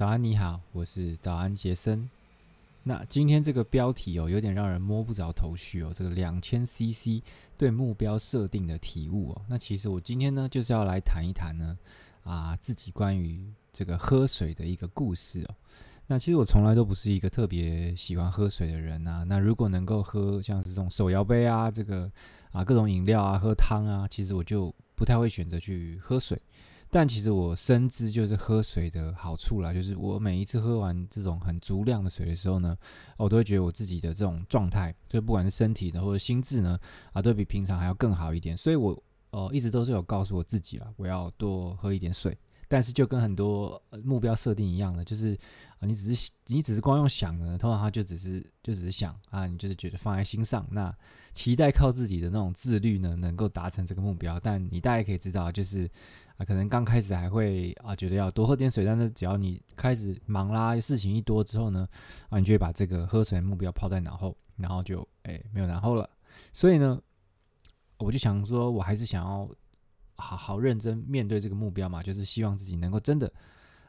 早安，你好，我是早安傑森。那今天這個標題哦，有點讓人摸不着頭緒哦。這個兩千 CC 對目標設定的體悟哦，那其實我今天呢，就是要來談一談呢啊自己關於這個喝水的一個故事哦。那其實我從來都不是一個特別喜歡喝水的人啊。那如果能夠喝像這種手搖杯啊，這個啊各種飲料啊，喝湯啊，其實我就不太會選擇去喝水。但其實我深知，就是喝水的好處啦。就是我每一次喝完這種很足量的水的時候呢，我都會覺得我自己的這種狀態，就不管是身體的或者心智呢，啊，都比平常還要更好一點。所以我，呃，一直都是有告訴我自己啦，我要多喝一點水。但是就跟很多目標設定一樣的，就是、啊、你只是你只是光用想的呢，通常他就只是就只是想啊，你就是覺得放在心上，那期待靠自己的那種自律呢，能夠達成這個目標。但你大概可以知道，就是啊，可能剛開始還會啊，覺得要多喝點水，但是只要你開始忙啦，事情一多之後呢，啊，你就會把這個喝水的目標拋在腦後，然後就誒、欸、沒有然後了。所以呢，我就想說，我還是想要。好好認真面對這個目標嘛，就是希望自己能夠真的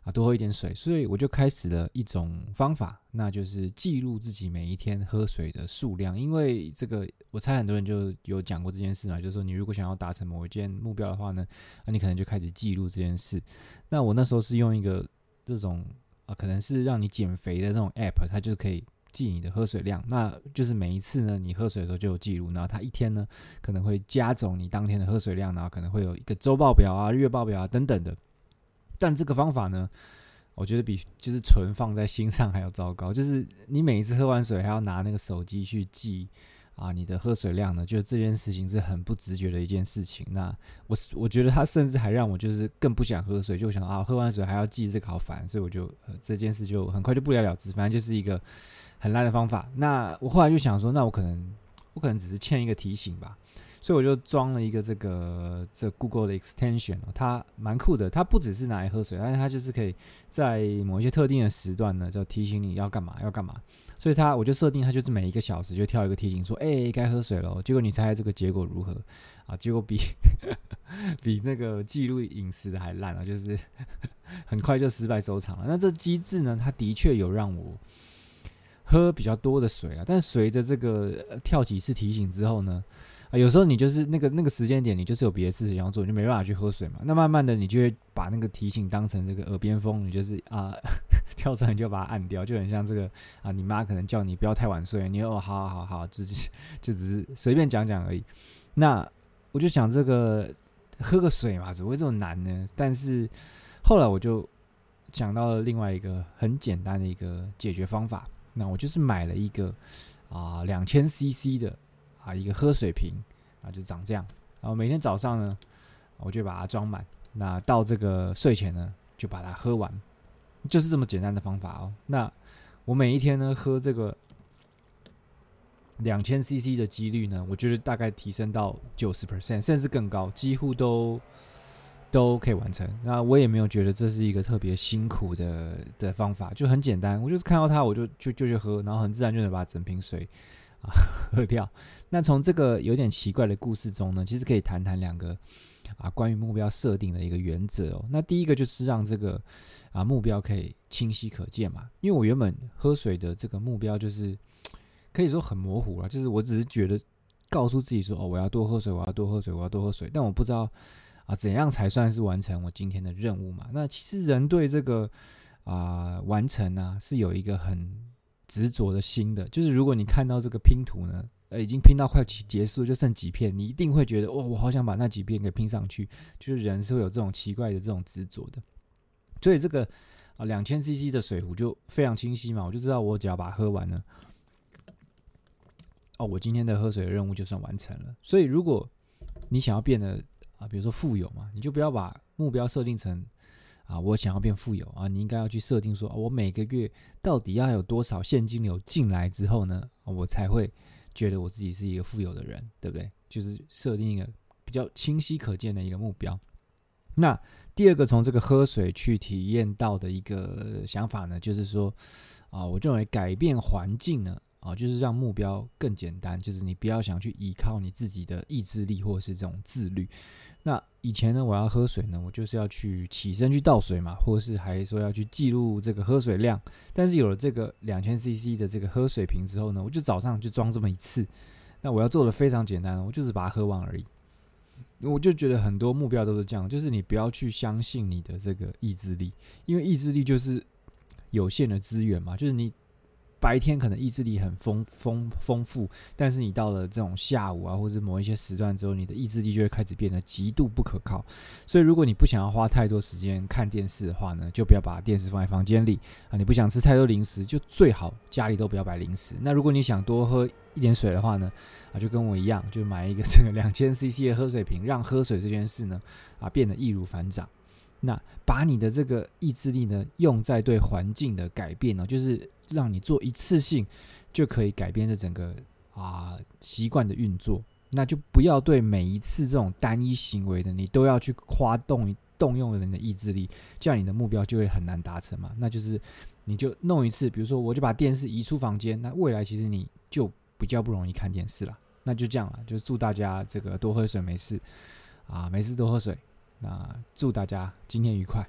啊多喝一點水，所以我就開始了一種方法，那就是記錄自己每一天喝水的數量。因為這個，我猜很多人就有講過這件事嘛，就是說你如果想要達成某一件目標的話呢，那、啊、你可能就開始記錄這件事。那我那時候是用一個這種啊，可能是讓你減肥的這種 app，它就是可以。記你的喝水量，那就是每一次呢，你喝水的時候就有記錄。然後它一天呢，可能會加總你當天的喝水量，然後可能會有一個週報表啊、月報表啊等等的。但這個方法呢，我覺得比就是純放在心上還要糟糕，就是你每一次喝完水還要拿那個手機去記。啊，你的喝水量呢？就這件事情是很不直覺的一件事情。那我我覺得他甚至還讓我就是更不想喝水，就想啊，我喝完水還要記這個好煩，所以我就，呃，這件事就很快就不了了之。反正就是一個很爛的方法。那我後來就想說，那我可能我可能只是欠一個提醒吧，所以我就裝了一個這個這 Google 的 extension，哦，它蠻酷的。它不只是拿來喝水，但是它就是可以在某一些特定的時段呢，就提醒你要幹嘛要幹嘛。所以，他，我就設定他就是每一個小時就跳一個提醒，說：“哎、欸，該喝水了。”結果你猜這個結果如何？啊，結果比呵呵比那個記錄飲食的還爛啊，就是很快就失敗收場了。那這機制呢？它的確有讓我喝比較多的水啊，但隨着這個跳幾次提醒之後呢，啊，有時候你就是那個那個時間點，你就是有別的事情要做，你就沒辦法去喝水嘛。那慢慢的，你就會把那個提醒當成這個耳邊風，你就是啊。跳出來你就把它按掉，就很像這個啊，你媽可能叫你不要太晚睡，你哦，好好好好，就就就只是隨便講講而已。那我就想這個喝個水嘛，怎麼會這麼難呢？但是後來我就想到了另外一個很簡單的一個解決方法，那我就是買了一個啊兩千 CC 的啊一個喝水瓶啊，就長這樣，然後每天早上呢我就把它裝滿，那到這個睡前呢就把它喝完。就是這麼簡單的方法哦。那我每一天呢喝這個兩千 CC 的幾率呢，我覺得大概提升到九十 percent，甚至更高，幾乎都都可以完成。那我也沒有覺得這是一個特別辛苦的的方法，就很簡單，我就是看到它我就就就去喝，然後很自然就能把整瓶水啊喝掉。那從這個有點奇怪的故事中呢，其實可以談談兩個。啊，關於目標設定的一個原則哦，那第一個就是讓這個啊目標可以清晰可見嘛。因為我原本喝水的這個目標就是可以說很模糊了啊，就是我只是覺得告訴自己說哦，我要多喝水，我要多喝水，我要多喝水，但我不知道啊怎樣才算是完成我今天的任務嘛。那其實人對這個啊完成啊是有一個很執着的心的，就是如果你看到這個拼圖呢，呃，已經拼到快結束，就剩幾片，你一定會覺得，哇、哦，我好想把那幾片給拼上去。就是人是會有這種奇怪的這種執着的。所以這個啊，兩千 CC 的水壺就非常清晰嘛，我就知道我只要把它喝完了，哦，我今天的喝水的任務就算完成了。所以如果你想要變得啊，比如說富有嘛，你就不要把目標設定成啊，我想要變富有啊，你應該要去設定說、啊，我每個月到底要有多少現金流進來之後呢，啊、我才會。覺得我自己是一個富有的人，對不對？就是設定一個比較清晰可見的一個目標。那第二個從這個喝水去體驗到的一個想法呢，就是說，啊，我認為改變環境呢。啊、哦，就是讓目標更簡單，就是你不要想去依靠你自己的意志力或是這種自律。那以前呢，我要喝水呢，我就是要去起身去倒水嘛，或是還說要去記錄這個喝水量。但是有了這個兩千 CC 的這個喝水瓶之後呢，我就早上就裝這麼一次。那我要做的非常簡單，我就是把它喝完而已。我就覺得很多目標都是這樣，就是你不要去相信你的這個意志力，因為意志力就是有限的資源嘛，就是你。白天可能意志力很豐豐豐富，但是你到了這種下午啊，或者是某一些時段之後，你的意志力就會開始變得極度不可靠。所以，如果你不想要花太多時間看電視的話呢，就不要把電視放在房間裡啊。你不想吃太多零食，就最好家裡都不要擺零食。那如果你想多喝一點水的話呢，啊，就跟我一樣，就買一個這個兩千 CC 的喝水瓶，讓喝水這件事呢，啊，變得易如反掌。那把你的這個意志力呢，用在對環境的改變哦，就是讓你做一次性就可以改變這整個啊習慣的運作。那就不要對每一次這種單一行為的，你都要去誇動動用人的意志力，這樣你的目標就會很難達成嘛。那就是你就弄一次，比如說我就把電視移出房間，那未來其實你就比較不容易看電視了。那就這樣了，就祝大家這個多喝水沒事啊，沒事多喝水。那祝大家今天愉快。